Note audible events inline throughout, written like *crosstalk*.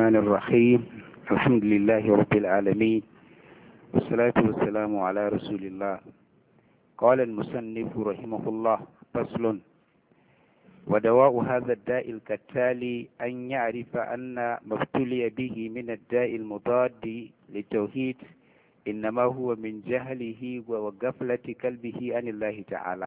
الرحمن الرحيم الحمد لله رب العالمين والصلاة والسلام على رسول الله قال المصنف رحمه الله فصل ودواء هذا الداء كالتالي أن يعرف أن ما ابتلي به من الداء المضاد للتوحيد إنما هو من جهله وغفلة قلبه عن الله تعالى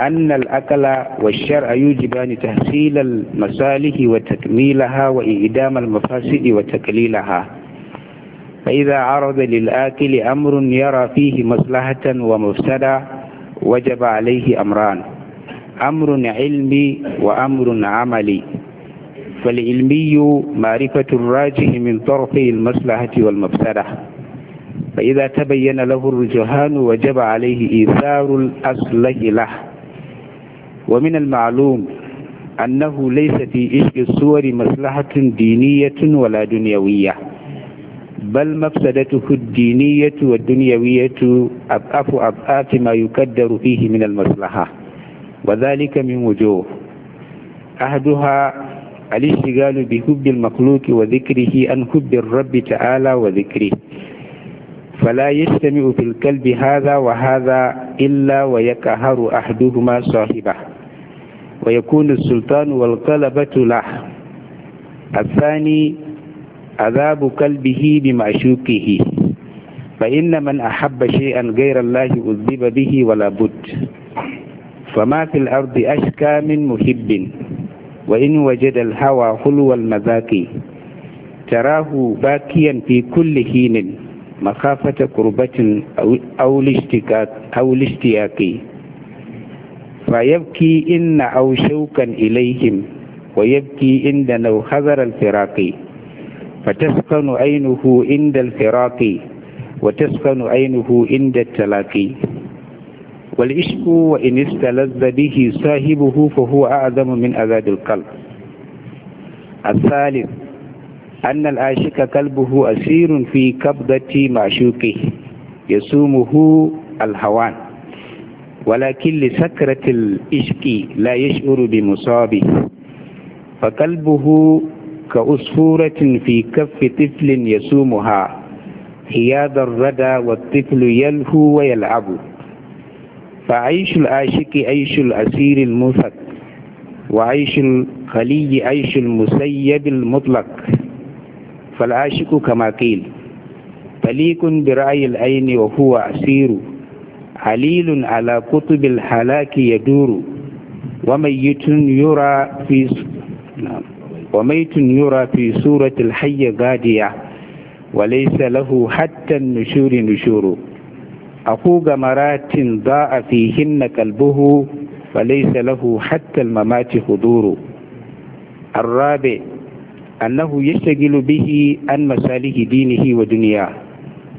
أن الأكل والشرع يوجبان تحصيل المصالح وتكميلها وإعدام المفاسد وتقليلها فإذا عرض للآكل أمر يرى فيه مصلحة ومفسدة وجب عليه أمران أمر علمي وأمر عملي فالعلمي معرفة الراجح من طرف المصلحة والمفسدة فإذا تبين له الرجحان وجب عليه إيثار الأصلح له ومن المعلوم أنه ليس في إشك الصور مصلحة دينية ولا دنيوية بل مفسدته الدينية والدنيوية أضعاف أضعاف ما يقدر فيه من المصلحة وذلك من وجوه أحدها الاشتغال بحب المخلوق وذكره عن حب الرب تعالى وذكره فلا يجتمع في الكلب هذا وهذا إلا ويكهر أحدهما صاحبه ويكون السلطان والقلبة له الثاني عذاب قلبه بمعشوقه فإن من أحب شيئا غير الله أذب به ولا بد فما في الأرض أشكى من محب وإن وجد الهوى حلو المذاق تراه باكيا في كل حين مخافة قربة أو الاشتكاك أو الاشتياق فيبكي إن أو شوكا إليهم ويبكي عندنا حذر الفراق فتسكن عينه عند الفراق وتسكن عينه عند التلاقي والعشق وإن استلذ به صاحبه فهو أعظم من أذاد القلب الثالث أن العاشق قلبه أسير في قبضة معشوقه يسومه الهوان ولكن لسكرة الإشك لا يشعر بمصابه فقلبه كأسفورة في كف طفل يسومها حياد الردى والطفل يلهو ويلعب فعيش العاشق عيش الأسير المفك وعيش الخلي عيش المسيب المطلق فالعاشق كما قيل تليق برأي العين وهو أسيره عليل على كتب الحلاك يدور وميت يرى في نعم. وميت يرى في سورة الحي غادية وليس له حتى النشور نشور أفوق مرات ضاء فيهن كلبه وليس له حتى الممات حضور الرابع أنه يشتغل به عن مصالح دينه ودنياه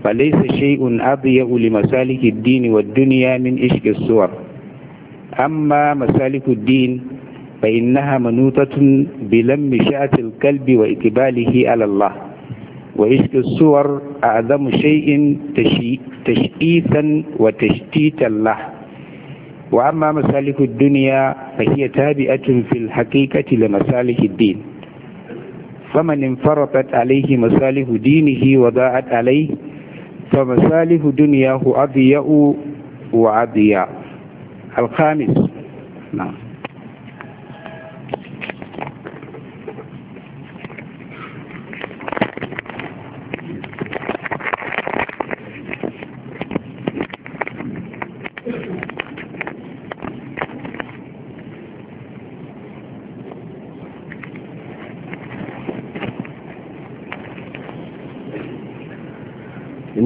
فليس شيء أضيء لمسالك الدين والدنيا من إشك الصور أما مسالك الدين فإنها منوطة بلم شاة الكلب وإقباله على الله وإشك الصور أعظم شيء تشئيثا وتشتيتا له وأما مسالك الدنيا فهي تابعة في الحقيقة لمسالك الدين فمن انفرطت عليه مسالك دينه وضاعت عليه فمسالف دنياه أضيأ وعضيأ الخامس نعم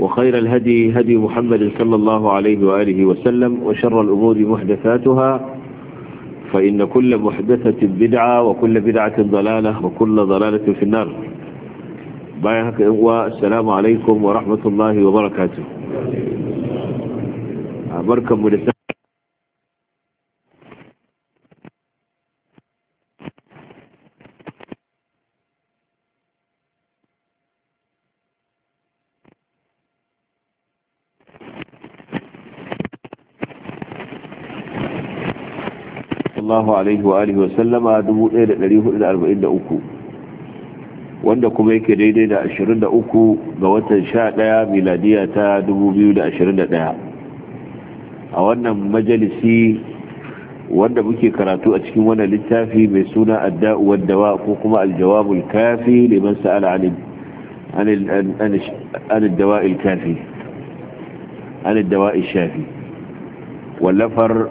وخير الهدي هدي محمد صلى الله عليه وآله وسلم وشر الأمور محدثاتها فإن كل محدثة بدعة وكل بدعة ضلالة وكل ضلالة في النار بايهك إغوى السلام عليكم ورحمة الله وبركاته آه، بركة مدسة sallallahu alaihi wa alihi wasallama 1443 wanda kuma yake daidai da 23 ga watan 11 miladiya ta 2021 a wannan majalisi wanda muke karatu a cikin wannan littafi mai suna adda'u wadda ko kuma aljawabul kafi liman sa'ala an الدواء الكافي عن الدواء الشافي واللفر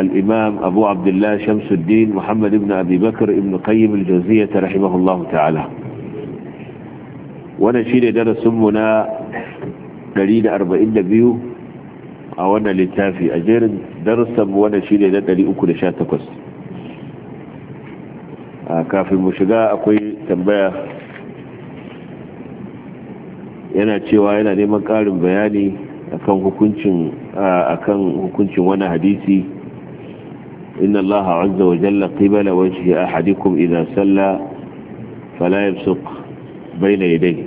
الإمام أبو عبد الله شمس الدين محمد بن أبي بكر ابن قيم الجوزية رحمه الله تعالى ونشير درس منا دليل أربعين نبيو أولا للتافي أجير درس ونشير دليل أكل شاتكس كافي المشقاء أقوي تنبيه yana cewa yana neman ƙarin bayani akan hukuncin akan wani hadisi inna allaha azza wa jalla qibala ahadikum idha salla fala yabsuq bayna yadayhi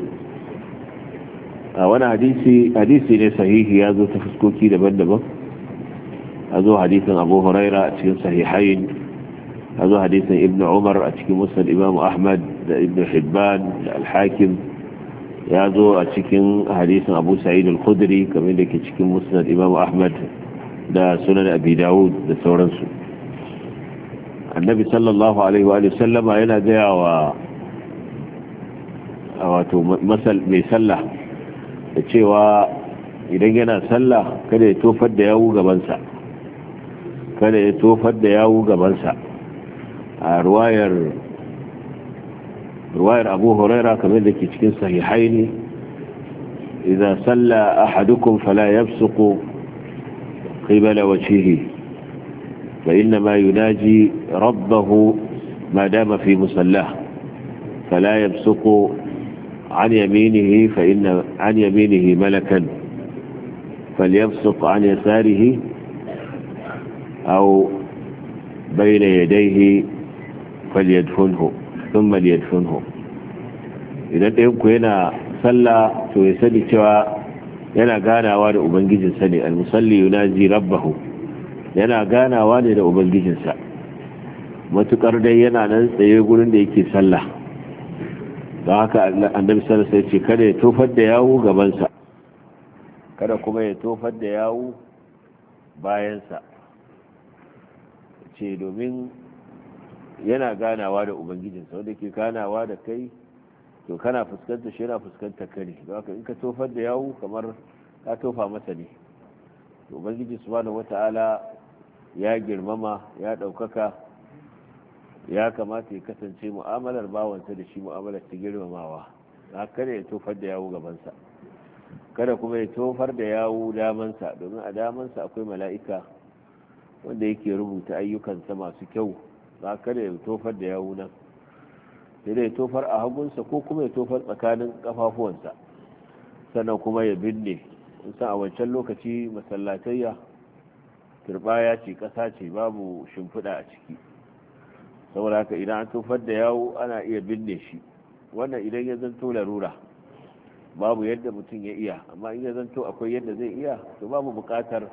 a wani hadisi hadisi ne sahihi ya zo ta daban-daban a zo hadisin abu huraira a cikin sahihain a zo hadisin ibn umar a cikin musnad imam ahmad da ibnu hibban da alhakim. ya zo a cikin hadisin abu sa'id al-khudri kamar da ke cikin musnad imam ahmad da sunan abi dawud da sauransu annabi sallallahu alaihi wa sallama yana gaya wa wato mai sallah da cewa idan yana sallah kada ya tofar da yawu gabansa kada ya tofar da yawu gabansa a ruwayar رواية أبو هريرة كما ذلك يتكين صحيحين إذا صلى أحدكم فلا يبسق قبل وجهه فإنما يناجي ربه ما دام في مسلاه فلا يبسق عن يمينه فإن عن يمينه ملكا فليبسق عن يساره أو بين يديه فليدفنه thumma liyadfunhu idan ɗayan ku yana sallah to ya sani cewa yana ganawa da ubangijinsa ne almusalli yunaji rabbahu yana ganawa ne da ubangijinsa matukar dai yana nan tsaye gurin da yake sallah don haka annabi sallallahu alaihi ce kada ya tofar da yawu gabansa kada kuma ya tofar da yawu bayansa ce domin yana ganawa da ubangijinsa wanda ke ganawa da kai to kana fuskanta shi yana fuskanta kari da don in ka tofar da yawu kamar ka tofa masa ne to ubangiji subhanahu wata'ala ya girmama ya ɗaukaka ya kamata ya kasance mu'amalar bawansa da shi mu'amalar ta girmamawa kada ya tofar da yawu gabansa kada kuma ya tofar da yawu damansa domin a damansa akwai mala'ika wanda yake rubuta ayyukansa masu kyau ba kada ya tofar da yawu nan sai dai tofar a hagunsa ko kuma ya tofar tsakanin kafafuwansa sannan kuma ya binne san a wancan lokaci masallatayya turbaya ce ƙasa ce babu shimfiɗa a ciki saboda haka idan an tofar da yawu ana iya binne shi wannan idan ya zanto larura babu yadda mutum ya iya amma in ya zanto akwai yadda zai iya to babu buƙatar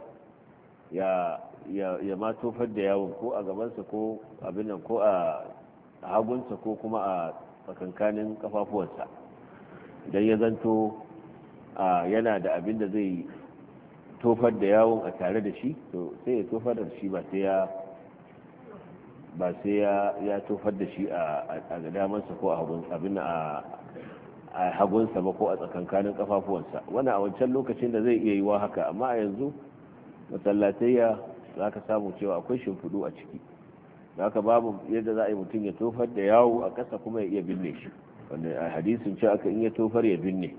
ya ma tofar da yawon ko a gabansa ko abinan ko a hagunsa ko kuma a tsakankanin kafafuwansa don ya zanto yana da abin da zai tofar da yawon a tare da shi to sai ya tofar da shi ba sai ya ba sai ya tofar da shi a damansa ko a abin a hagunsa ba ko a tsakankanin kafafuwansa wani a wancan lokacin da zai iya yiwa haka amma a yanzu masallatayya za ka samu cewa akwai shimfiɗu a ciki za ka babu yadda za a yi mutum ya tofar da yawo a ƙasa kuma ya iya binne shi wanda a hadisin ce aka in ya tofar ya binne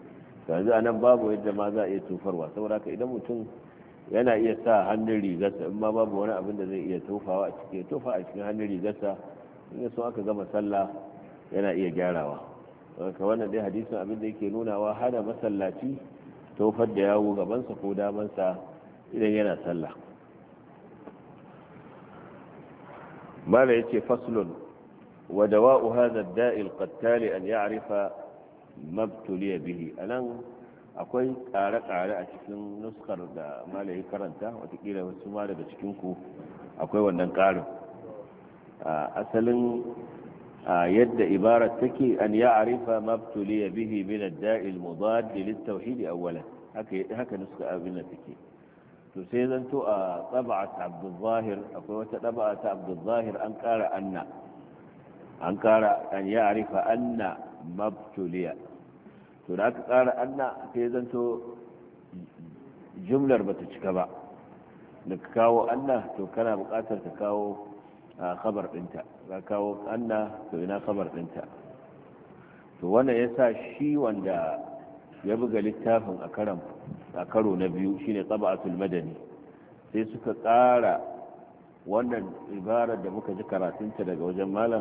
yanzu a nan babu yadda ma za a iya tofarwa saboda ka idan mutum yana iya sa hannun rigarsa in ma babu wani abin da zai iya tofawa a ciki ya tofa a cikin hannun rigarsa in ya aka gama sallah yana iya gyarawa ka wannan dai hadisin abin da yake nunawa hana masallaci tofar da yawo gabansa ko damansa إذا ينا سلح ما ليتي فصل ودواء هذا الداء القتال أن يعرف ما ابتلي به ألن أقول قارق على أتكلم نسخر دا ما ليه كرنتا وتقيل وسمار دا تكينكو أقول وندن قارو أسلن يد إبارة تكي أن يعرف ما ابتلي به من الداء المضاد للتوحيد أولا هكذا نسخة أبنى تكي to sai zanto a tsaba'at Abdullahir akwai wata tsaba'at Abdullahir an ƙara anna an kara an ya arifa anna mabtuliya to da aka ƙara anna sai zanto jumlar bata cika ba da ka kawo anna to kana buƙatar ka kawo khabar ɗinta ka kawo anna to ina khabar ɗinta to wannan ya sa shi wanda ya buga littafin a karan a karo na biyu shine tsaba'atul madani sai suka ƙara wannan ibarar da muka ji karatunta daga wajen malam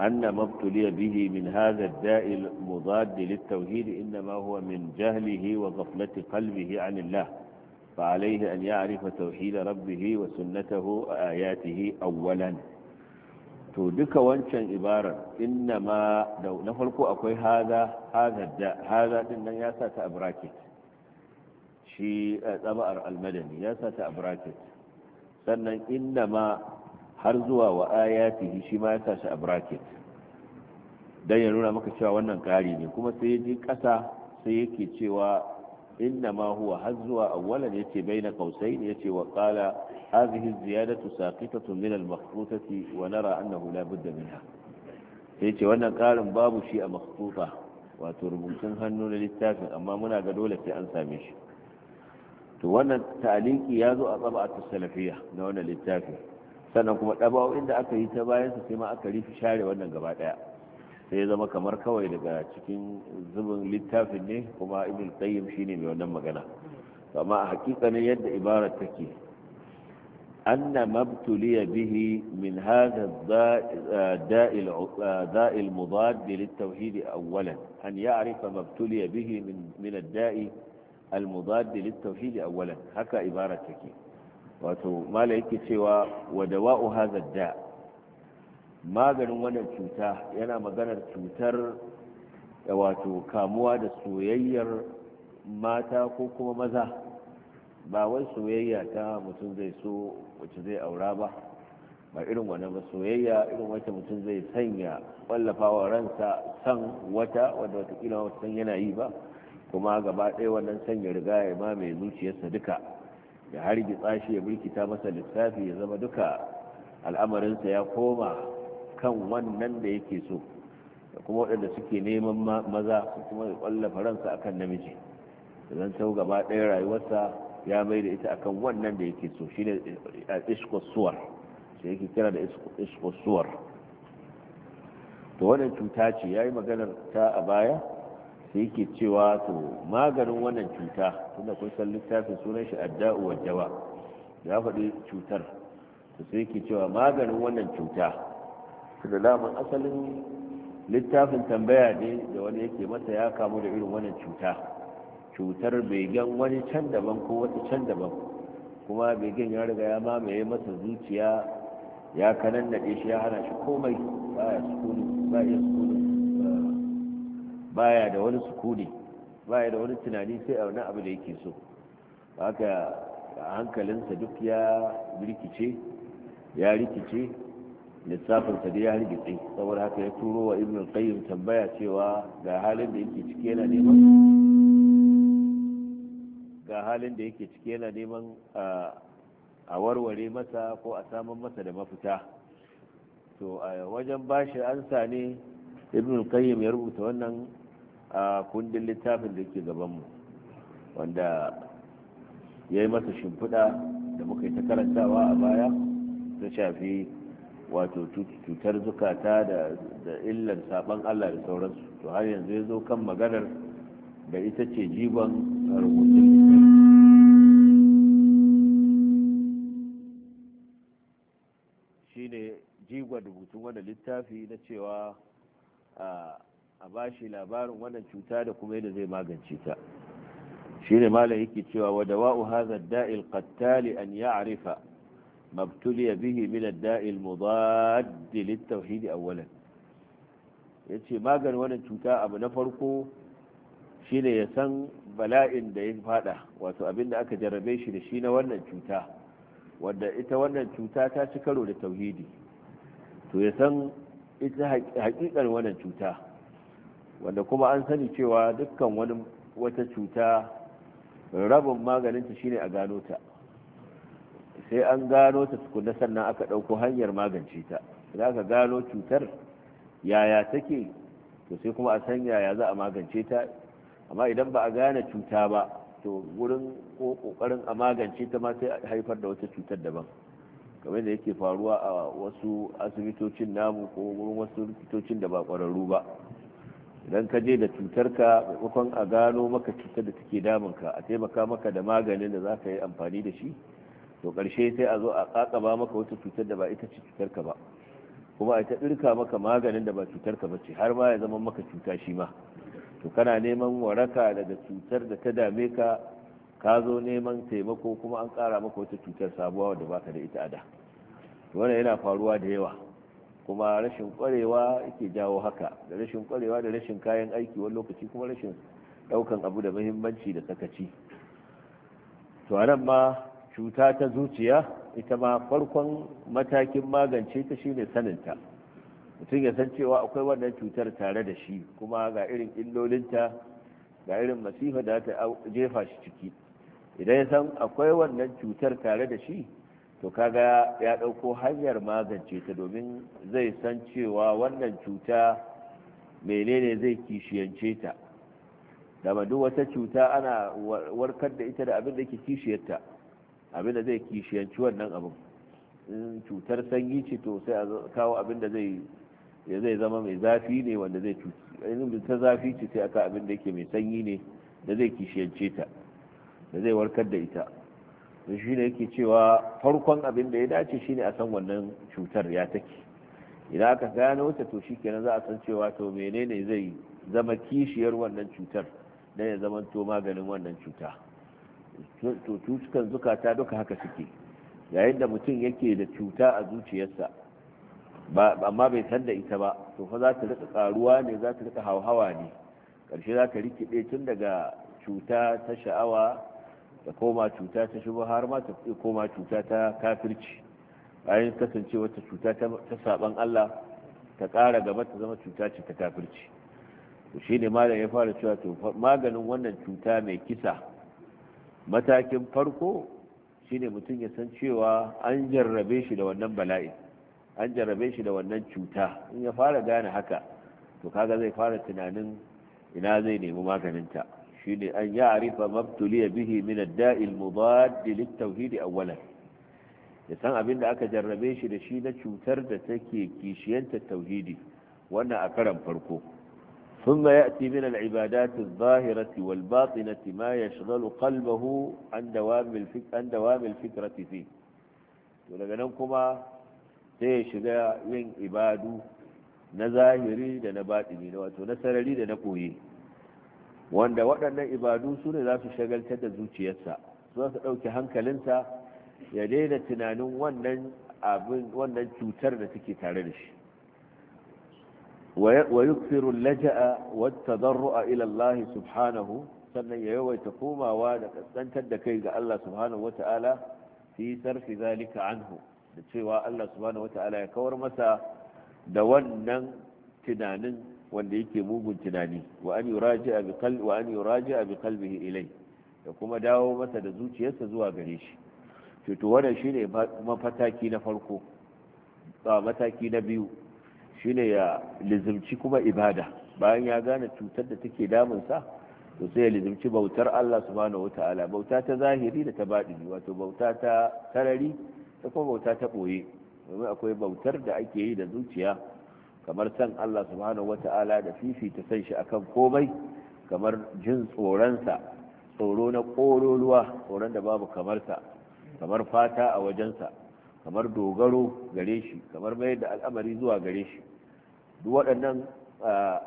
anna mabtuliya bihi min hadha da'il mudadd lit inna ma huwa min jahlihi wa ghaflati qalbihi 'an Allah fa alayhi an ya'rifa tawhid rabbihi wa وسنته ayatihi awwalan to duka wancan ibarar inna ma da na farko akwai haza haza din nan ya sa ta a bracket shi eh, tsaba'ar almadani ya sa ta a bracket sannan inna ma har zuwa wa ayatihi shi ma ya sa shi a bracket dan ya nuna maka cewa wannan ƙari ne kuma sai ya ji ƙasa sai yake cewa inna ma huwa har zuwa awwalan yace baina qausain yace wa qala hadhihi ziyadatu saqitatun min al-makhrutati wa nara annahu la budda minha yace wannan karin babu shi a makhruta wato rubutun hannu na littafin amma muna ga dole sai an same shi to wannan ta'aliki ya zo a tsaba ta salafiya na wannan littafin sannan kuma ɗaba'o inda aka yi ta bayansa sai ma aka rifi share wannan gaba ɗaya sai ya zama kamar kawai daga cikin zubin littafin ne kuma ibn qayyim shine mai wannan magana amma a hakikanin yadda ibarar take anna mabtuliya bihi min hadha da'il da'il mudad an اولا ان يعرف مبتلي به من من الداء المضاد للتوحيد awwalan haka ibarar take wato mala yake cewa wa dawa'u hadha da' maganin wannan cuta yana maganar cutar eh, wato kamuwa da soyayyar mata ko kuma maza ba wai soyayya ta mutum zai so wacce zai aura ba ba irin wani ba soyayya irin wacce mutum zai sanya wallafa wa ransa san wata wadda watakila wata san yana yi ba kuma gaba ɗaya wannan sanya riga ya ma mai zuciyarsa duka ya hargitsa shi ya birkita masa lissafi ya zama duka al'amarinsa ya koma kan wannan da yake so da kuma waɗanda suke neman maza su kuma ya ƙwallafa ransa akan namiji da zan sau gaba ɗaya rayuwarsa ya mai da ita akan wannan da yake so shine iskosuwar shi yake kira da iskosuwar to wannan cuta ce ya yi maganar ta a baya sai yake cewa to maganin wannan cuta tunda kun san littafin sunan shi adda'u wa dawa ya faɗi cutar to sai yake cewa maganin wannan cuta da naman asalin littafin tambaya ne da wani yake mata ya kamu da irin wannan cuta cutar begen wani can daban ko wata can daban kuma begen ya riga ya mamaye masa zuciya ya kanan naɗe shi ya hana shi komai baya sukuni baya sukuni eh, baya da wani sukuni baya da wani tunani sai a wani abu da yake so haka hankalinsa duk ya rikice ya rikice lissafin ta ya hargitse saboda haka ya turo wa ibn qayyim tambaya cewa ga halin da yake cike yana neman ga halin da yake yana neman a warware masa ko a saman masa da mafita to a wajen bashi ansa ne ibn qayyim ya rubuta wannan a kundin littafin da yake gabanmu wanda ya yi masa shimfiɗa da muka yi ta karantawa a baya ta shafi wato cutar zukata da illar saban Allah da sauransu to har yanzu ya zo kan maganar da ita ce jiban rubutun shi ne jigon rubutun wanda littafi na cewa a bashi labarin wannan cuta da kuma yadda zai magance ta shine ne malam yake cewa wa dawa'u hadha da'il qattali an ya'rifa ما ابتلي به من الداء المضاد للتوحيد أولا yace maganin wannan cuta abu na farko shine ya san bala'in da ya fada wato abin da aka jarrabe shi da shi na wannan cuta wadda ita wannan cuta ta ci karo da tauhidi to ya san ita hakikar wannan cuta wanda kuma an sani cewa dukkan wani wata cuta rabin maganinta shine a gano ta sai an gano ta tukunna sannan aka ɗauko hanyar magance ta idan aka gano cutar yaya take to sai kuma a san yaya za a magance ta amma idan ba a gane cuta ba to wurin ko kokarin a magance ta ma sai a haifar da wata cutar daban kamar da yake faruwa a wasu asibitocin namu ko wurin wasu likitocin da ba kwararru ba idan ka je da cutarka maimakon a gano maka cutar da take damunka a taimaka maka da maganin da za ka yi amfani da shi to karshe sai a zo a kakaba maka wata cutar da ba ita ce cutarka ba kuma a ta ɗirka maka maganin da ba cutarka ba ce har ma ya zama maka cuta shi ma to kana neman waraka daga cutar da ta dame ka ka zo neman taimako kuma an kara maka wata cutar sabuwa wadda baka da ita a da wannan yana faruwa da yawa kuma rashin kwarewa yake jawo haka da rashin kwarewa da rashin kayan aiki wani lokaci kuma rashin daukan abu da muhimmanci da sakaci to anan ma cuta ta zuciya ita ma farkon matakin magance ta shine saninta mutum ya san cewa akwai wannan cutar tare da shi kuma ga irin illolinta ga irin masifa da ta jefa shi ciki idan ya san akwai wannan cutar tare da shi to kaga ya ɗauko hanyar magance ta domin zai san cewa wannan cuta menene zai kishiyance ta da duk wata cuta ana warkar da ita da abin da ke kishiyarta abin da zai kishiyanci wannan abin in cutar sanyi ce to sai a kawo abin da zai ya zai zama mai zafi ne wanda zai cuci in ta zafi ce sai aka abin da yake mai sanyi ne da zai kishiyance ta da zai warkar da ita don shi ne yake cewa farkon abin da ya dace shi ne a san wannan cutar ya take idan aka gano ta to shi kenan za a san cewa to menene zai zama kishiyar wannan cutar dan ya zama to maganin wannan cuta to cutukan zukata duka haka suke yayin da mutum yake da cuta a zuciyarsa amma bai san da ita ba to fa za ta rika karuwa ne za ta rika hauhawa ne karshe za ta rikide tun daga cuta ta sha'awa ta koma cuta ta shubu har ma ta koma cuta ta kafirci bayan kasance wata cuta ta saban Allah ta ƙara gaba ta zama cuta ce ta kafirci to shine malam ya fara cewa to maganin wannan cuta mai kisa matakin farko shine mutum ya san cewa an jarrabe shi da wannan bala'i an jarrabe shi da wannan cuta in ya fara gane haka to kaga zai fara tunanin ina zai nemi maganinta shine an ya arifa mabtuliya bihi min ad-da'i al-mudadd lit awwalan ya san abin da aka jarrabe shi da shi na cutar da take kishiyanta tauhidi wannan a karan farko ثم يأتي من العبادات الظاهرة والباطنة ما يشغل قلبه عن دوام الفكرة, عن دوام الفكرة فيه ولغنمكما تيشغى من عباده نظاهري لنباطني نواتو نسرلي لنكوهي وان دواتنا عباده سنة لا تشغل تدزوتي يسا سنة أوكي هنك لنسا يدينا تنانون وانن abin wannan cutar da take tare da shi ويكثر اللجأ والتضرع إلى الله سبحانه سنة يوي تقوم وانتد كيد الله سبحانه وتعالى في صرف anhu da cewa Allah subhanahu wata'ala ya kawar masa da wannan tunanin wanda yake mugun tunani wa an yuraji'a bi qalbi wa an yuraji'a bi qalbihi ilai da kuma dawo masa da zuciyarsa zuwa gare shi to to wannan shine mataki na farko ba mataki na biyu shine ya lizimci kuma ibada bayan ya gane cutar da take damunsa to sai ya lizimci bautar Allah subhanahu wataala bauta ta zahiri da ta baɗini wato bauta ta sarari ta kuma bauta ta ɓoye domin akwai bautar da ake yi da zuciya kamar san Allah subhanahu wataala da fifita san shi akan komai kamar jin tsoronsa tsoro na ƙororuwa tsoron da babu kamarsa kamar fata a wajensa kamar dogaro gare shi kamar mayar da al'amari zuwa gare shi duk waɗannan ah,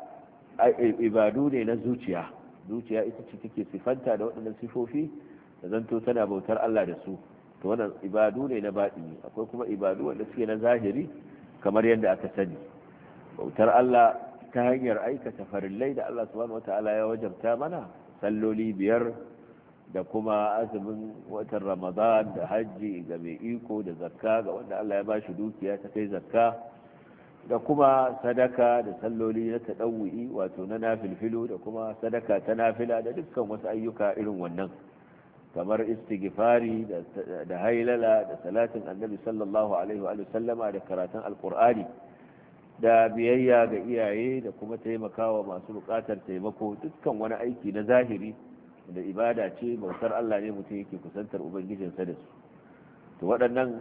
ibadu ne na zuciya zuciya ita ce take sifanta da waɗannan sifofi da zanto tana bautar Allah da su to wannan ibadu ne na baɗi akwai kuma ibadu wanda suke na zahiri kamar yadda aka sani bautar Allah ta hanyar aikata farillai da Allah subhanahu wataala ya wajabta mana salloli biyar da kuma azumin watan Ramadan da hajji ga mai iko da zakka ga wanda Allah ya bashi dukiya ta kai zakka da kuma sadaka da salloli na taɗawu'i wato na nafilfilo da kuma sadaka ta nafila da dukkan wasu ayyuka irin wannan kamar istighfari da hailala da salatin annabi sallallahu alaihi wa sallama da karatun alkur'ani da biyayya ga iyaye da kuma taimakawa masu buƙatar taimako dukkan wani aiki na zahiri da ibada ce bautar Allah ne mutum yake kusantar ubangijinsa da su to waɗannan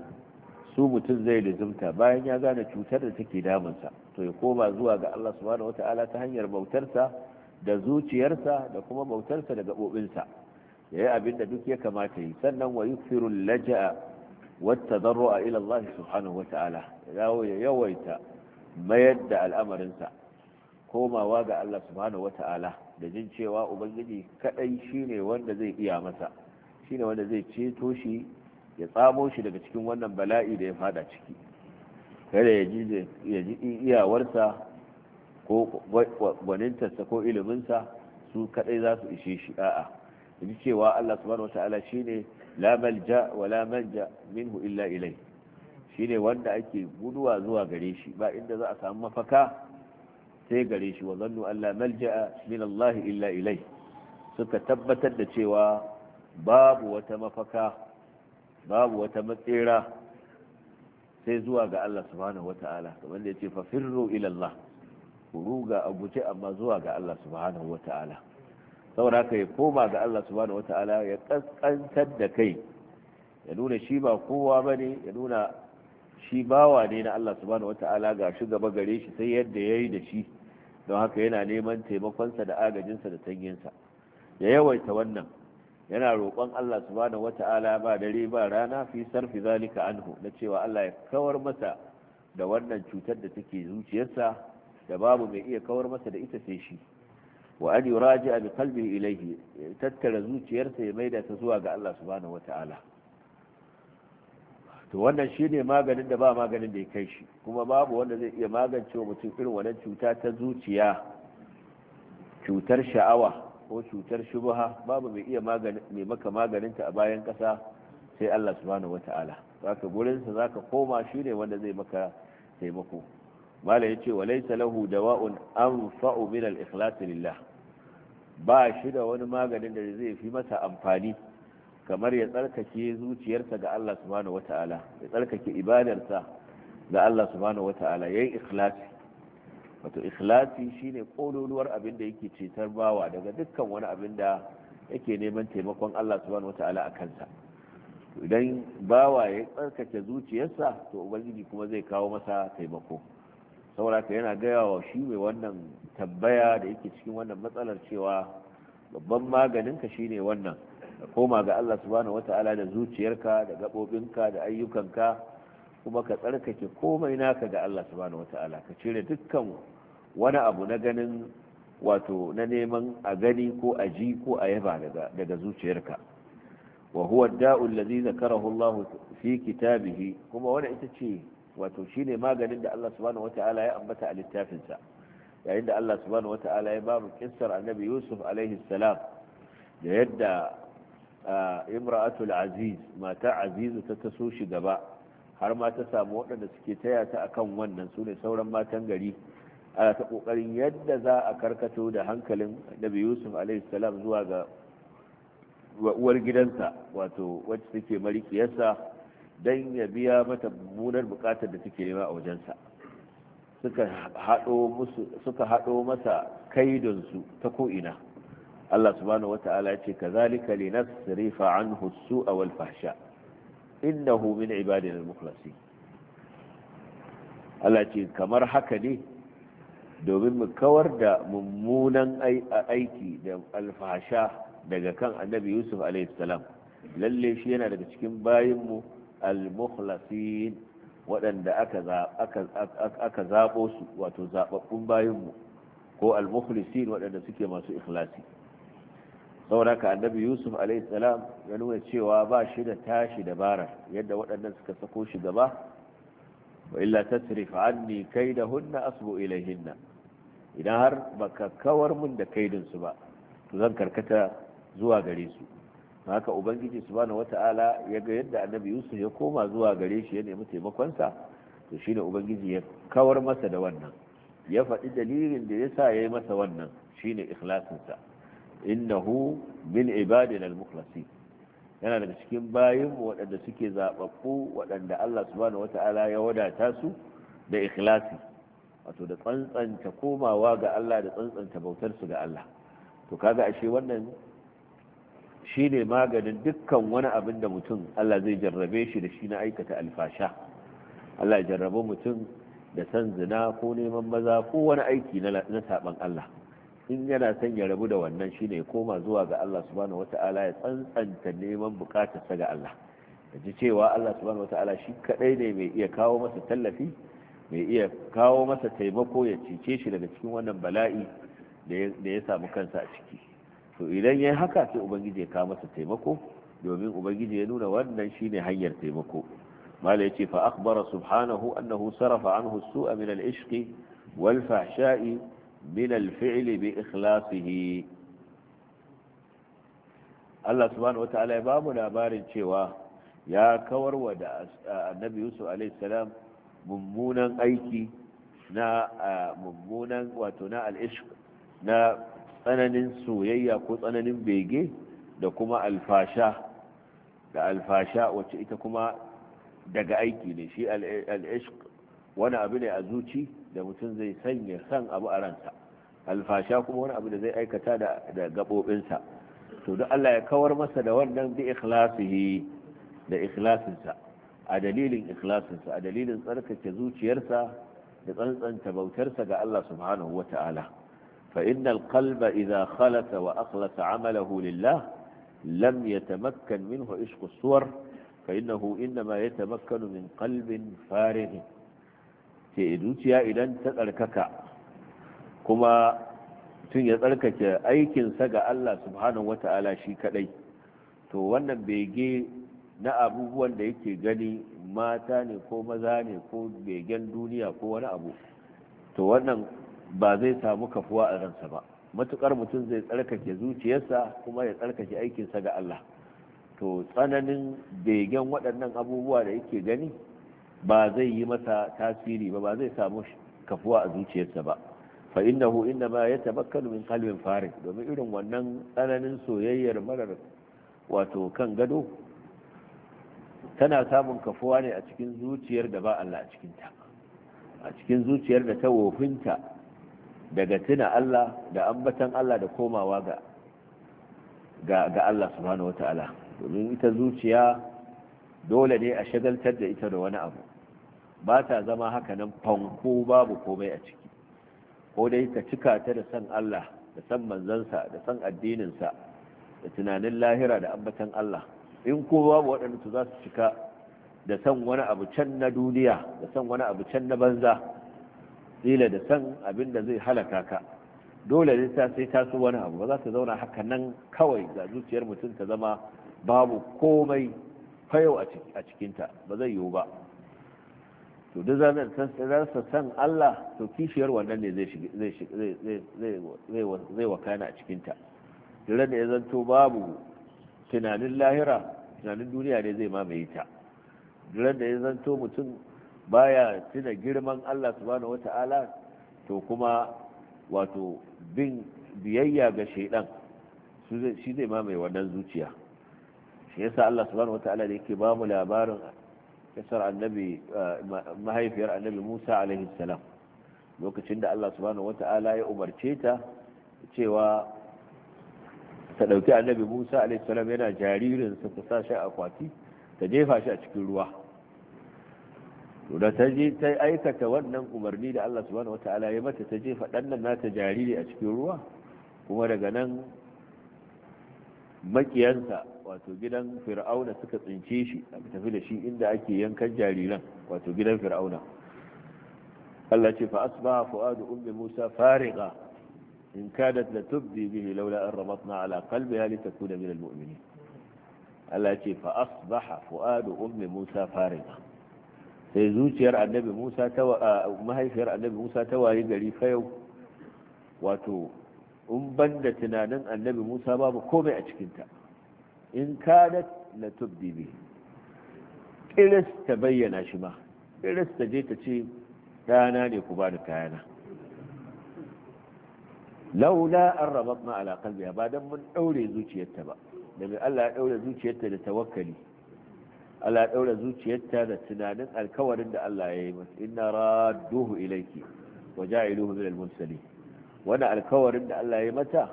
su mutum zai lizumta bayan ya gane cutar da take damunsa to ya koma zuwa ga Allah subhanahu wata'ala ta hanyar bautarsa da zuciyarsa da kuma bautarsa da gaɓoɓinsa ya yi abin da duk ya kamata yi sannan wa yuksiru laja'a wata a ila Allah subhanahu wata'ala ya yawaita mayar da al'amarinsa komawa ga Allah subhanahu wata'ala da jin cewa ubangiji kadai shine wanda zai iya masa shine wanda zai ceto shi ya tsamo shi daga cikin wannan bala'i da ya fada ciki kada ya ji iyawarsa ko gwanintarsa ko iliminsa su kadai za su ishe shi a'a ji cewa Allah subhanahu wata'ala shine la malja wa la manja minhu illa ilai shine wanda ake guduwa zuwa gare shi ba inda za a samu mafaka sai gare shi wa zannu Allah malja min Allah illa ilai suka tabbatar da cewa babu wata mafaka babu wata matsera sai zuwa ga Allah subhanahu wata'ala kamar da yace fa firru ila Allah ku ruga a guje amma zuwa ga Allah subhanahu wata'ala saboda haka ya koma ga Allah subhanahu wata'ala ya kaskantar da kai ya nuna shi ba kowa bane ya nuna shi bawa ne na Allah subhanahu wata'ala ga shi gaba gare shi sai yadda yayi da shi don haka yana neman taimakonsa da agajinsa da tanyinsa ya yawaita wannan yana roƙon Allah subhanahu wata'ala ba dare ba rana fi sarfi zalika anhu na cewa Allah ya kawar masa da wannan cutar da take zuciyarsa da babu mai iya kawar masa da ita sai shi wa an yuraji'a bi qalbi ilayhi tattara zuciyarsa ya maida ta zuwa ga Allah subhanahu wata'ala to wannan shine maganin da ba maganin da ya kai shi kuma babu wanda zai iya magance mutum irin wannan cuta ta zuciya cutar sha'awa ko cutar shubha babu mai iya mai maka maganinta a bayan ƙasa sai Allah subhanahu wata'ala zaka gurin sa zaka koma shine wanda zai maka taimako mala yace walaysa lahu dawa'un anfa'u min al-ikhlas lillah ba shi da wani maganin da zai fi masa amfani kamar ya tsarkake zuciyarsa ga Allah subhanahu wata'ala ya tsarkake ibadarsa ga Allah subhanahu wata'ala yayin ikhlasi wato ikhlasi shine kololuwar abin da yake cetar bawa daga dukkan wani abin da yake neman taimakon Allah subhanahu wataala a kansa idan bawa ya tsarkake zuciyarsa to ubangiji kuma zai kawo masa taimako saboda yana gaya wa shi mai wannan tambaya da yake cikin wannan matsalar cewa babban maganinka shine wannan ka koma ga Allah subhanahu wataala da zuciyarka da gaɓoɓinka da ayyukanka kuma ka tsarkake komai naka ga Allah subhanahu wataala ka cire dukkan wani abu na ganin wato na neman a gani ko a ji ko a yaba daga zuciyarka wa huwa da'ul ladhi zakarahu Allah fi kitabihi kuma wani ita ce wato shine maganin da Allah subhanahu wataala ya ambata a littafinsa yayin da Allah subhanahu wataala ya babu kissar Annabi Yusuf alaihi salam da yadda imra'atul aziz mata azizu ta taso shi gaba har ma ta samu waɗanda suke taya ta akan wannan su ne sauran matan gari Ala ta kokarin yadda za a karkato da hankalin nabi yusuf alaihi salam zuwa ga uwar gidansa wato wacce take marikiyarsa don ya biya mata mummunar bukatar da take nema a wajensa suka haɗo masa kaidonsu ta ko'ina Allah subhanahu wa ta'ala ya ce ka zalika li nasrifa anhu a wal fahsha innahu min ibadina al Allah ce kamar haka ne domin mu kawar da mummunan aiki da alfasha daga kan annabi yusuf Salam, lalle shi yana daga cikin bayinmu al-mukhlasin waɗanda aka zaɓo su wato zaɓaɓɓun bayinmu ko al waɗanda suke masu ikhlasi saboda annabi yusuf Salam ya nuna cewa ba shi da tashi dabara, yadda waɗannan suka sako shi gaba wa illa tasrif anni kaidahunna asbu hinna idan har baka kawar mun da kaidin su ba to zan karkata zuwa gare su haka ubangiji subhanahu wata'ala ya ga yadda annabi yusuf ya koma zuwa gare shi ya nemi sa to shine ubangiji ya kawar masa da wannan ya faɗi dalilin da ya sa ya yi masa wannan shine ikhlasinsa innahu min ibadina al-mukhlasin yana daga cikin bayin waɗanda suke zaɓaɓɓu waɗanda Allah subhanahu wata'ala ya wadata su da ikhlasi wato da tsantsanta komawa ga Allah da tsantsanta bautar su ga Allah to kaga ashe wannan shine maganin dukkan wani abin da mutum Allah zai jarrabe shi da shi na aikata alfasha Allah ya jarrabe mutum da san zina ko neman maza ko wani aiki na saban Allah in yana son ya rabu da wannan shine ya koma zuwa ga Allah subhanahu wata'ala ya tsantsanta neman bukatarsa ga Allah da ji cewa Allah subhanahu wata'ala shi kadai ne mai iya kawo masa tallafi mai iya kawo masa taimako ya cice shi daga cikin wannan bala'i da ya samu kansa a ciki to idan ya haka sai ubangiji ya kawo masa taimako domin ubangiji ya nuna wannan shine hanyar taimako mala yace fa akhbara subhanahu annahu sarafa anhu sua min al-ishqi wal fahsha'i min alfi'li bi ikhlasihi Allah subhanahu wata'ala ya bamu labarin cewa ya kawarwa da annabi Yusuf alaihi salam mummunan aiki mummunan wato na al'ishq na tsananin soyayya ko tsananin bege da kuma alfasha da alfasha wacce ita kuma daga aiki ne shi al'ishq wani abu ne a zuci da mutum zai sanya san abu a ranta alfasha kuma wani abu da zai aikata da gabobinsa to duk Allah ya kawar masa da wannan bi ikhlasihi da ikhlasinsa a dalilin ikhlasinsa a dalilin tsarkake zuciyarsa da tsantsanta bautarsa ga Allah subhanahu wata'ala fa innal qalba idza khalasa wa akhlasa amalahu lillah lam yatamakkan minhu ishqu suwar fa innahu inma yatamakkanu min qalbin farigh ce zuciya idan ta tsarkaka kuma tun ya tsarkake aikinsa ga Allah subhanahu wata'ala shi kadai to wannan bege na abubuwan da yake gani mata ne ko maza ne ko begen duniya ko wani abu to wannan ba zai samu kafuwa a ransa ba matukar mutum zai tsarkake zuciyarsa kuma ya tsarkake aikinsa ga Allah to tsananin begen waɗannan abubuwa da yake gani ba zai yi masa tasiri ba ba zai samu kafuwa a zuciyarsa ba fa innahu inna ma yatabakkalu min qalbin farid domin irin wannan tsananin soyayyar marar wato kan gado tana samun kafuwa ne a cikin zuciyar da ba Allah a cikin ta a cikin zuciyar da ta wofinta daga tuna Allah da ambatan Allah da komawa ga ga Allah subhanahu wataala domin ita zuciya dole ne a shagaltar da ita da wani abu ba ta zama hakanan nan fanko babu komai a ciki ko dai ka cika ta da san Allah da san manzansa da san addininsa da tunanin lahira da ambatan Allah in ko babu waɗanda su za su cika da san wani abu can na duniya da san wani abu can na banza tsila da san abin da zai halaka ka dole ne ta sai ta so wani abu ba za ta zauna haka nan kawai ga zuciyar mutum ta zama babu komai fayau a cikinta ba zai yiwu ba to duk zanarsa san Allah to kishiyar wannan ne zai wakana a cikinta duk da ya zanto babu tunanin lahira tunanin duniya ne zai mamaye ta duk da ya zanto mutum baya tuna girman Allah subhanahu wata'ala to kuma wato bin biyayya ga shaidan shi zai mamaye wannan zuciya shi yasa Allah subhanahu wata'ala da yake ba mu labarin kisar annabi eh, mahaifiyar annabi musa alaihi salam lokacin da allah subhanahu wata'ala ya umarce ta cewa ta ɗauki annabi musa alaihi salam yana jaririnsa ta sa shi akwati ta jefa shi a cikin ruwa to da ta je ta aikata wannan umarni da allah subhanahu wata'ala ya mata ta jefa ɗannan nata jariri a cikin ruwa kuma daga nan makiyansa wato gidan fir'auna suka tsince shi aka tafi da shi inda ake yankan jariran wato gidan fir'auna Allah ce fa asbaha fuadu ummi Musa fariga in kadat la tubdi bihi laula an rabatna ala qalbiha litakuna min almu'minin Allah ce fa asbaha fuadu ummi Musa fariga sai zuciyar annabi Musa ta mahaifiyar annabi Musa ta waye gari yau. wato in banda tunanin annabi Musa babu komai a cikinta in kadat la tubdi bi iris ta bayyana shi ma iris ta je ta ce ɗana ne ku ba da kayana laula an rabatna ala qalbiha ba don mun daure zuciyarta ba da mai Allah ya daure zuciyarta da tawakkali Allah ya daure zuciyarta da tunanin alkawarin da Allah ya yi masa inna radduhu ilayki wa ja'iluhu min al-mursalin wannan alkawarin da Allah ya yi mata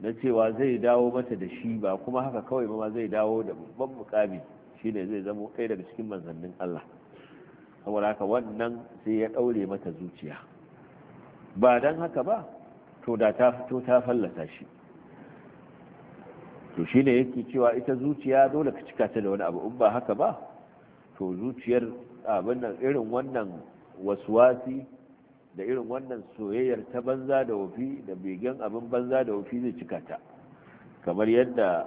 na cewa zai dawo mata da shi ba kuma haka kawai ma zai dawo da babban mukami shine zai zama ɗaya daga cikin manzannin Allah saboda haka wannan sai ya ɗaure mata zuciya ba don haka ba to da ta fito ta fallasa shi to shine yake cewa ita zuciya dole ka cika ta da wani abu in ba haka ba to zuciyar abin nan irin wannan waswasi da irin wannan soyayyar ta banza da wofi da begen abin banza da wofi zai cika ta kamar yadda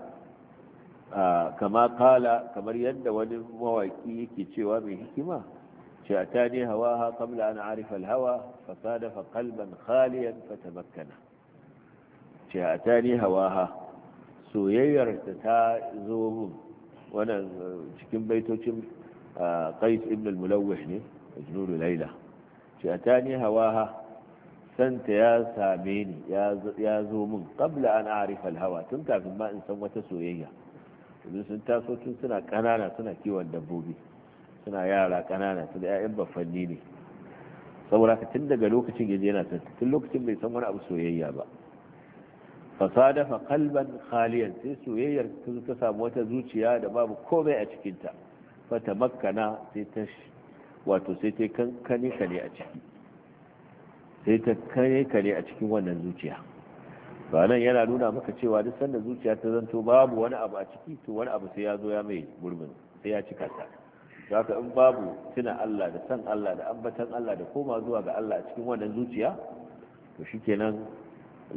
kama kala kamar yadda wani mawaki yake cewa mai hikima ce a ta ne hawa ha kamla an arifa hawa fasada fa kalban khaliyan ce a ta ne hawa ha soyayyar ta ta zo mun wannan cikin baitocin qais ibn al-mulawih ne ajnuru laila ce ta ne hawaha santa ya same ni ya zo min kabla an arifal hawa tun kafin ma in san wata soyayya yanzu sun taso tun suna ƙanana suna kiwon dabbobi suna yara ƙanana da 'ya'yan baffanni ne saboda ka tun daga lokacin yanzu yana san tun lokacin bai san wani abu soyayya ba fa kalban khaliyan sai soyayyar ta samu wata zuciya da babu komai a cikinta fata makkana sai ta wato sai ta kane kane a ciki sai ta kane kane a cikin wannan zuciya ba nan yana nuna maka cewa duk sanda zuciya ta zanto babu wani abu a ciki to wani abu sai ya zo ya mai gurbin sai ya cika ta zaka in babu tuna Allah da san Allah da ambatan Allah da koma zuwa ga Allah a cikin wannan zuciya to shikenan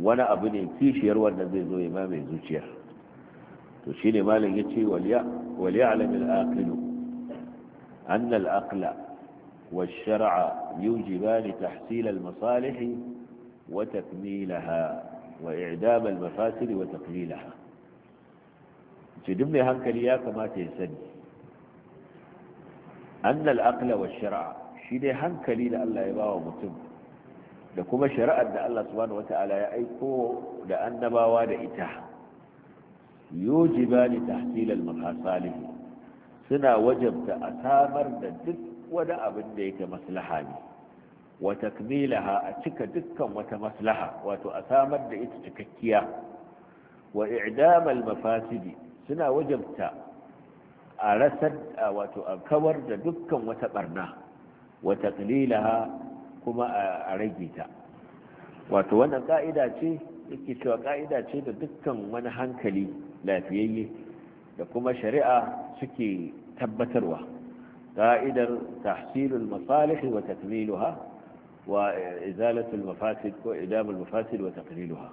wani abu ne kishiyar wanda zai zo ya mai zuciyar to shine malam yace waliya ya alamin aqilu anna al aqla والشرع يوجبان تحصيل المصالح وتكميلها وإعدام المفاسد وتقليلها تدمي هنكليا ما تهسني أن الأقل والشرع شيني هنكلي لألا يباه متم لكما شرع أن الله سبحانه وتعالى يأيكو لأن ما واد إتاح يوجبان تحصيل المصالح سنا وجبت أسامر دك wani abin da yake maslaha ne wa takmilaha a cika dukkan wata maslaha wato a samar da ita cikakkiya wa i'damal mafasidi suna wajabta a rasar wato a kawar da dukkan wata barna wa taqlilaha kuma a rage ta wato wannan ka'ida ce yake cewa ka'ida ce da dukkan wani hankali lafiyayye da kuma shari'a suke tabbatarwa ka'idar tahsilul masalih wa takmiluha wa izalatul mafasid ko idamul mafasid wa taqliluha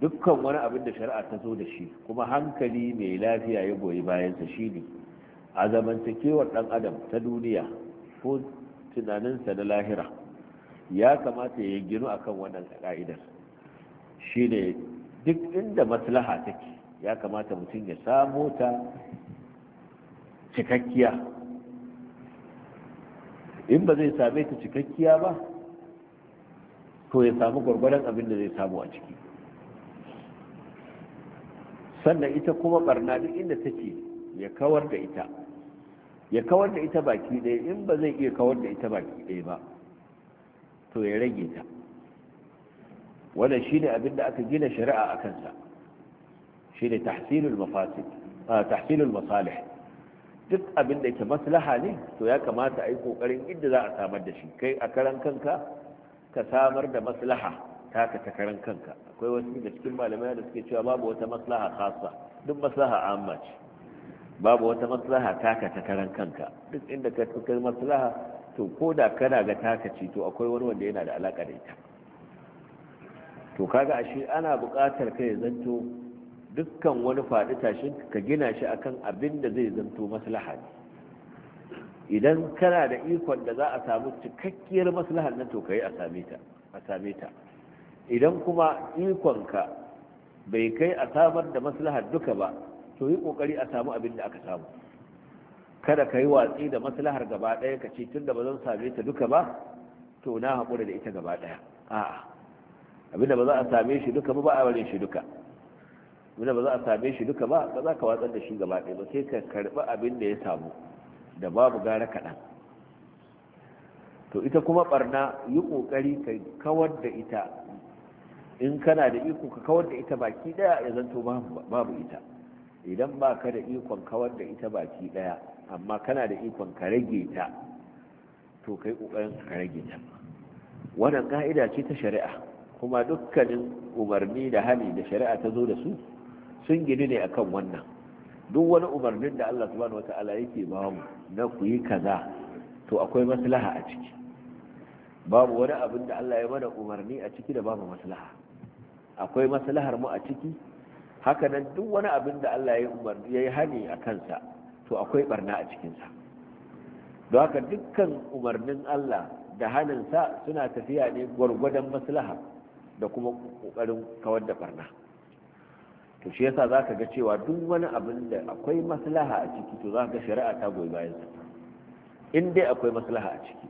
dukkan wani abin da shari'a ta zo da shi kuma hankali mai lafiya ya goyi bayansa shi ne a zamantakewar ɗan adam ta duniya ko tunaninsa na lahira ya kamata ya ginu a kan wannan ka'idar shi ne duk inda maslaha take ya kamata mutum ya samo ta cikakkiya in ba zai same ta cikakkiya ba to ya samu gwargwadon abin da zai samu a ciki sannan ita kuma barna duk inda take ya kawar da ita ya kawar da ita baki ɗaya in ba zai iya kawar da ita baki ɗaya ba to ya rage ta wannan shine abin da aka gina shari'a a kansa shine tahsilul mafasid ah, tahsilul masalih duk abin da yake maslaha ne to ya kamata a yi kokarin inda za a samar da shi kai a karan kanka ka samar da maslaha taka ta karan kanka akwai wasu da cikin malamai da suke cewa babu wata maslaha khassa duk maslaha amma ce babu wata maslaha taka ta karan kanka duk inda ka tukar maslaha to ko da kana ga taka ce to akwai wani wanda yana da alaka da ita to kaga ashe ana buƙatar kai zanto dukkan wani faɗi tashin ka gina shi akan abin da zai zanto maslaha ne idan kana da ikon da za a samu cikakkiyar maslaha na to kai a same ta a same ta idan kuma ikonka bai kai a samar da maslaha duka ba to yi kokari a samu abin da aka samu kada ka yi watsi da maslahar gaba ɗaya ka ce tun da ba zan same ta duka ba to na haƙura da ita gaba ɗaya a'a abin da ba za a same shi duka ba ba a ware shi duka wanda ba za a same shi duka ba ba za ka watsar da shi gaba ɗaya ba sai ka karɓi abin da ya samu da babu gara kaɗan to ita kuma barna yi ƙoƙari ka kawar da ita in kana da iko ka kawar da ita baki ɗaya ya zanto babu ita idan ba ka da ikon kawar da ita baki ɗaya amma kana da ikon ka rage ta to kai ƙoƙarin ka rage ta wannan ka'ida ce ta shari'a kuma dukkanin umarni da hali da shari'a ta zo da su sun gini ne akan wannan duk wani umarnin da Allah subhanahu wata'ala yake ba mu na ku yi kaza to akwai maslaha a ciki babu wani abin da Allah ya mana umarni a ciki da babu maslaha akwai maslahar mu a ciki haka nan duk wani abin da Allah ya umarni ya yi hani a kansa to akwai barna a cikinsa don haka dukkan umarnin Allah da haninsa suna tafiya ne gwargwadon maslaha da kuma ƙoƙarin kawar da barna to shi yasa za ka ga cewa duk wani abin da akwai maslaha a ciki to za ka ga shari'a ta goyi bayan su in dai akwai maslaha a ciki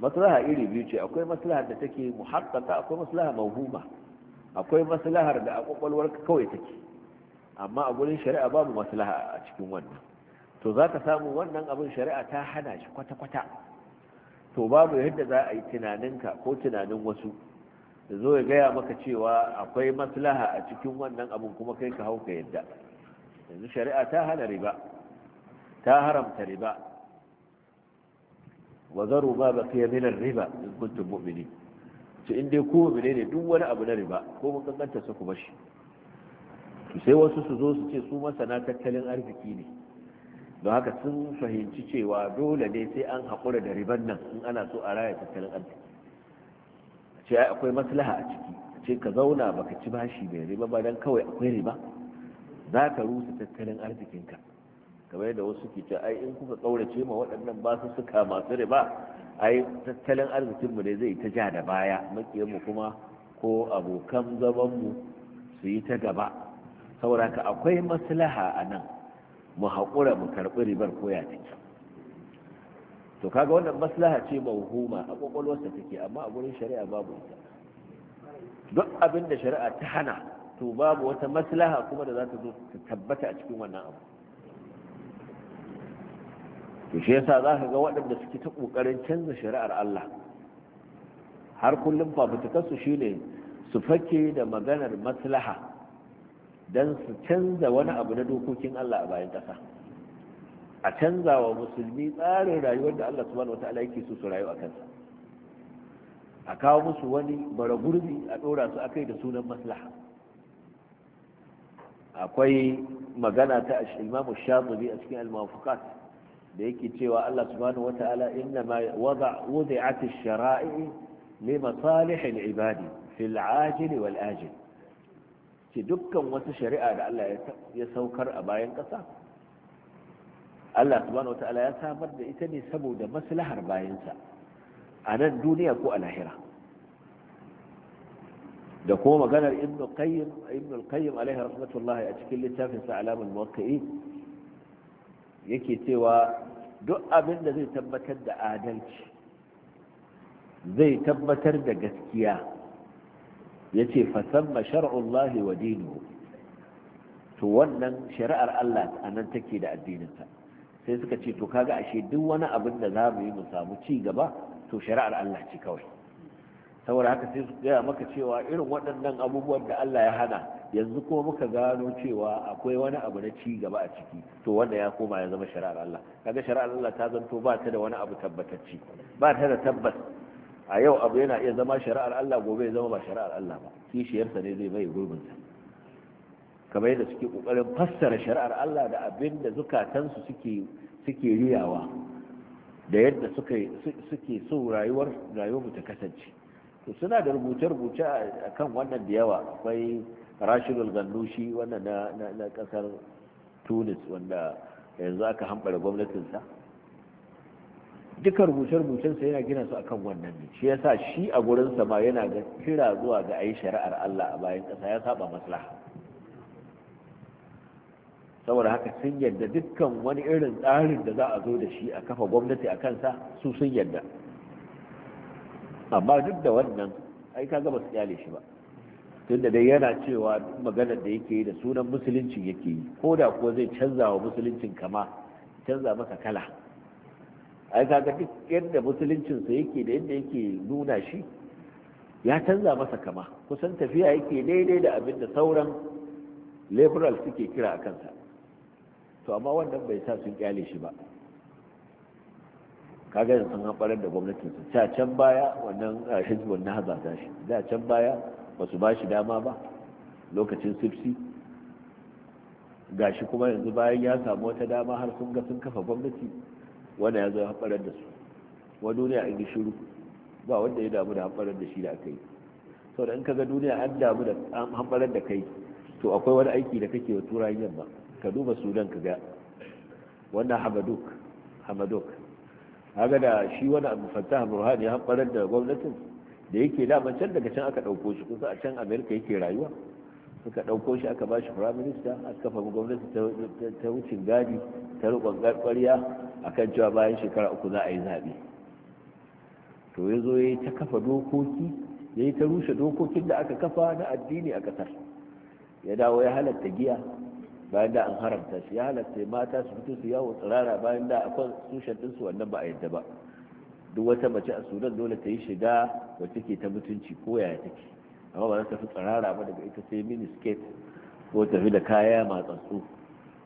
maslaha iri biyu ce akwai maslaha da take muhaqqaqa akwai maslaha mawhuma akwai maslahar da a ka kawai take amma a gurin shari'a babu maslaha a cikin wannan to za ka samu wannan abin shari'a ta hana shi kwata-kwata to babu yadda za a yi tunaninka ko tunanin wasu da zo ya gaya maka cewa akwai maslaha a cikin wannan abun kuma kai ka hauka yadda yanzu shari'a ta hana riba ta haramta riba wa zaru ma baqiya min riba in kuntum mu'mini to in dai ko mu'mine ne duk wani abu na riba ko mun kankanta su kuma shi to sai wasu su zo su ce su masana tattalin arziki ne don haka sun fahimci cewa dole ne sai an haƙura da riban nan in ana so a raya tattalin arziki ce ai akwai maslaha a ciki ce ka zauna baka ci bashi mai riba ba dan kawai akwai riba za ka rusa tattalin arzikinka kamar da wasu ke ce ai in kuka kaurace ma waɗannan ba su suka masu riba ai tattalin arzikinmu ne zai ta ja da baya makiyanmu kuma ko abokan zamanmu su yi ta gaba saboda akwai maslaha a nan mu haƙura mu karɓi ribar koya ciki to kaga wannan maslaha ce mawhuma a kwakwalwarsa take amma a gurin shari'a babu ita duk abin da shari'a ta hana to babu wata maslaha kuma da za ta zo ta tabbata a cikin wannan abu to shi yasa za ka ga waɗanda suke ta ƙoƙarin canza shari'ar Allah har kullum fafutukarsu shine su fake da maganar maslaha don su canza wani abu na dokokin Allah a bayan ƙasa. a canza wa musulmi tsarin rayuwar da Allah subhanahu wataala yake so su rayu a kansa a kawo musu wani bara a dora su akai da sunan maslaha akwai magana ta Imam Shatibi a cikin al-Muwafaqat da yake cewa Allah subhanahu wataala inna ma wada wudi'at ash-shara'i li masalih al-ibadi al 'ajil wal ajil ce dukkan wasu shari'a da Allah ya saukar a bayan ƙasa Allah subhanahu wata'ala ya samar da ita ne saboda maslahar bayansa a nan duniya ko a lahira da kuma maganar ibn qayyim ibn qayyim alaihi rahmatullahi a cikin littafin sa alamul muwaqqi'i yake cewa duk abin da zai tabbatar da adalci zai tabbatar da gaskiya yace fa samma shar'ullahi wa to wannan shari'ar Allah a nan take da addininsa sai suka ce to kaga ashe duk wani abin da za mu yi mu samu ci gaba to shari'ar Allah ce kawai saboda haka sai su gaya maka cewa irin waɗannan abubuwan da Allah ya hana yanzu ko muka gano cewa akwai wani abu na ci gaba a ciki to wanda ya koma ya zama shari'ar Allah kaga shari'ar Allah ta zanto ba ta da wani abu tabbatacci ba ta da tabbas a yau abu yana iya zama shari'ar Allah gobe ya zama ba shari'ar Allah ba kishiyarsa ne zai mai gurbinsa kamar yadda suke kokarin fassara shari'ar Allah da abin da zukatansu suke suke riyawa da yadda suka suke so rayuwar rayuwar ta kasance to suna da rubuce-rubuce akan wannan da yawa akwai rashidul gandushi wannan na na kasar tunis wanda yanzu aka hambara gwamnatinsa duka rubuce-rubucensa yana gina su akan wannan ne shi yasa shi a gurinsa ma yana kira zuwa ga ayi shari'ar Allah a bayan ƙasa ya saba maslaha saboda haka sun yadda dukkan wani irin tsarin da za a zo da shi a kafa gwamnati a kansa su sun yadda amma duk da wannan ai ka gaba su kyale shi ba tunda dai yana cewa maganar da yake yi da sunan musuluncin yake yi ko da kuwa zai canza wa musuluncin kama canza masa kala ai kaga duk yadda musuluncinsa yake da yadda yake nuna shi ya canza masa kama kusan tafiya yake daidai da abin da sauran liberal suke kira a kansa to amma wannan bai sa sun kyale shi ba kaga yanzu sun haɓarar da gwamnatin su ta can baya wannan ah, hizbun na haza shi da can baya ba su ba shi dama ba lokacin sifsi shi kuma yanzu bayan ya samu wata dama har sun ga sun kafa gwamnati wanda ya zo haɓarar da su wa duniya an yi shiru ba wanda ya damu da haɓarar da shi da aka yi sau da in ka ga duniya an damu da haɓarar da kai to akwai wani aiki da kake wa turayen yamma ka duba sudan ka ga wannan hamaduk hamaduk haka da shi wani abu fattah burhani ya da gwamnatin da yake daman can daga can aka ɗauko shi kusa a can amerika yake rayuwa suka ɗauko shi aka bashi prime minister a kafa gwamnati ta wucin gadi ta riƙon a kan cewa bayan shekara uku za a yi zaɓe to ya zo ya yi ta kafa dokoki ya yi ta rushe dokokin da aka kafa na addini a ƙasar ya dawo ya halatta giya bayan da an haramta shi ya halatta mata su fito su yawo tsirara bayan da akwai tushen ɗinsu wannan ba a yadda ba duk wata mace a sudan dole ta yi shiga wacce ke ta mutunci ko yaya take amma ba za ta fi tsirara ba daga ita sai mini skate ko tafi da kaya matsatsu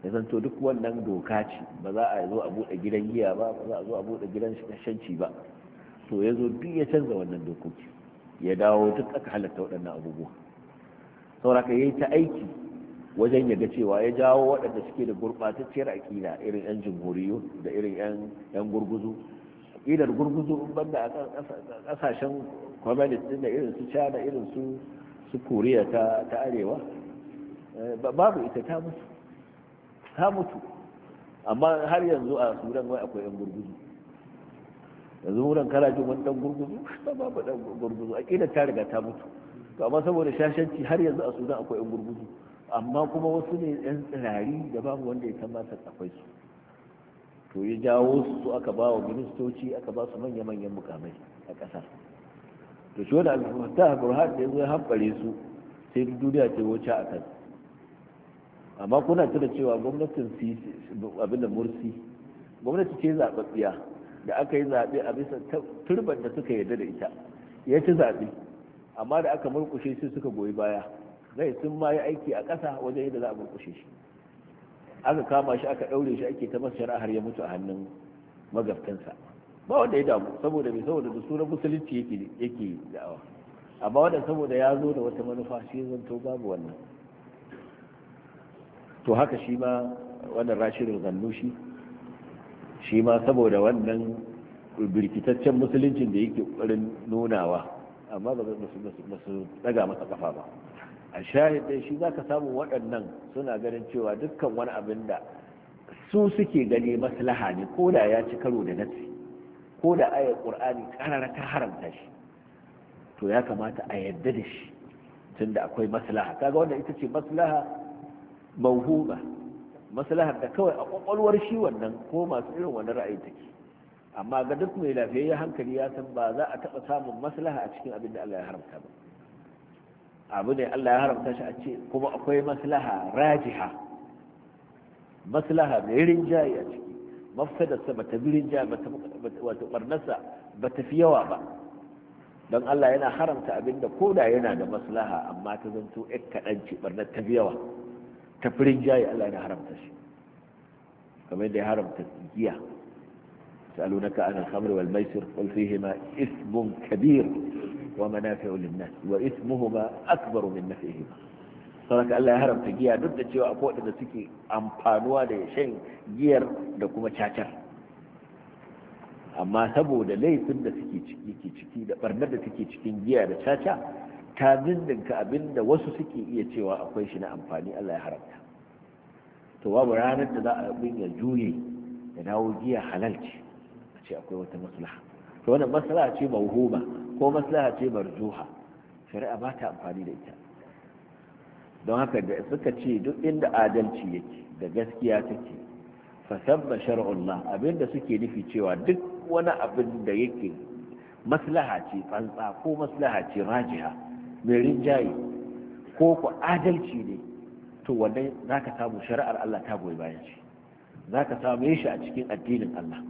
ya to duk wannan doka ce ba za a zo a buɗe gidan giya ba ba za a zo a buɗe gidan shanci ba to ya zo duk ya canza wannan dokoki ya dawo duk aka halatta waɗannan abubuwa sauraka ya yi ta aiki wajen yaga cewa ya jawo waɗanda suke da gurɓatacciyar aƙida irin 'yan jamhuriyu da irin 'yan gurguzu aƙidar gurguzu in banda a ƙasashen communist ɗin da irin su china irin su su koriya ta arewa eh, babu ita ta mutu ta mutu amma har yanzu a sudan wai akwai 'yan gurguzu yanzu wurin karajin wani ɗan gurguzu babu ɗan gurguzu aƙidar ta riga ta mutu to amma saboda shashanci har yanzu a sudan akwai 'yan gurguzu amma kuma wasu ne yan tsirari da babu wanda ya kamata akwai su to ya jawo su aka ba wa ministoci aka ba su manya-manyan mukamai a ƙasa to shi alfahimta ta burhan da ya zo ya hamɓare su sai duniya ce wuce a kan amma kuna tuna cewa gwamnatin abin da mursi gwamnati ce zaɓaɓɓiya da aka yi zaɓe a bisa turban da suka yarda da ita ya ci zaɓe amma da aka murƙushe sai suka goyi baya zai sun ma yi aiki a ƙasa wajen yadda za a burkushe shi aka kama shi aka ɗaure shi ake ta masu shari'a har ya mutu a hannun magabtansa ba wanda ya damu saboda mai saboda da sunan musulunci yake yake da'awa amma wanda saboda ya zo da wata manufa shi zan to babu wannan to haka shi ma wannan rashirin zannu shi ma saboda wannan birkitaccen musuluncin da yake ƙoƙarin nunawa amma ba su daga masa ƙafa ba a shahidai shi zaka ka samu waɗannan suna ganin cewa dukkan wani abin da su suke gani maslaha ne ko da ya ci karo da nafsi ko da ayar ƙur'ani ƙarar ta haramta shi to ya kamata a yadda da shi tunda akwai maslaha kaga wanda ita ce maslaha mauhuma maslaha da kawai a ƙwaƙwalwar shi wannan ko masu irin wannan ra'ayi take amma ga duk mai lafiyayyen hankali ya san ba za a taɓa samun maslaha a cikin abin da Allah ya haramta ba abu ne Allah ya haramta shi a ce kuma akwai maslaha rajiha maslaha mai rinjaye a ciki mafsadarsa ba ta rinjaye wato barnarsa ba ta fi yawa ba don Allah yana haramta abin da koda yana da maslaha amma ta zanto ɗan kaɗan ce barnar ta fi yawa ta fi rinjaye Allah yana haramta shi kamar da ya haramta giya سألونك عن الخمر والميسر قل فيهما إثم Kabir. ومنافع للناس وإثمهما أكبر من نفعهما saboda Allah ya haramta giya duk da cewa akwai waɗanda suke amfanuwa da shan giyar da kuma cacar amma saboda laifin da suke ciki ciki da barnar da suke cikin giya da caca ta zindinka abin da wasu suke iya cewa akwai shi na amfani Allah ya haramta to babu ranar da za a abin ya juye ya dawo giya halal ce a ce akwai wata maslaha to wannan maslaha ce mauhuma ko maslaha ce marjuha shari'a ba ta amfani da ita don haka da suka ce duk inda adalci yake da gaskiya take fasamma shar'ullah abinda suke nufi cewa duk wani abin da yake maslaha ce tsantsa ko maslaha ce rajiha mai rinjaye ko ku adalci ne to wannan za ka samu shari'ar Allah ta goyi bayan shi za ka same shi a cikin addinin Allah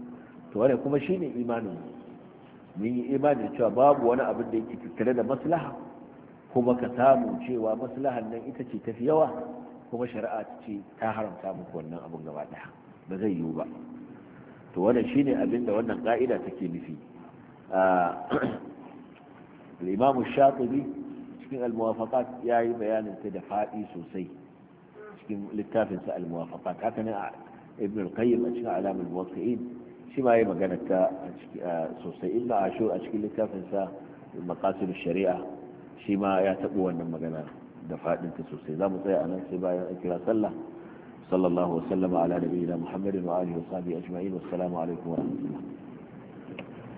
to wannan kuma shine imanin mu mun yi imani cewa babu wani abin da yake tattare da maslaha kuma ka samu cewa maslahan nan ita ce tafi yawa kuma shari'a ce ta haramta muku wannan abin gaba daya ba zai yiwu ba to wannan shine abin da wannan ka'ida take nufi ah, *clears throat* al-imam shatibi cikin al-muwafaqat yayi bayanin ta da fadi sosai cikin littafin sa al-muwafaqat haka ne ibn al-qayyim a cikin alamul muwaqqi'in shi ma yi magana ta sosai ibn ashur a cikin littafinsa maqasid shari'a shi ma ya taɓa wannan magana da fadin ta sosai mu tsaya anan sai bayan an kira sallah sallallahu alaihi wa sallama ala nabiyina muhammadin wa alihi wa sahbihi ajma'in wassalamu alaikum wa rahmatullah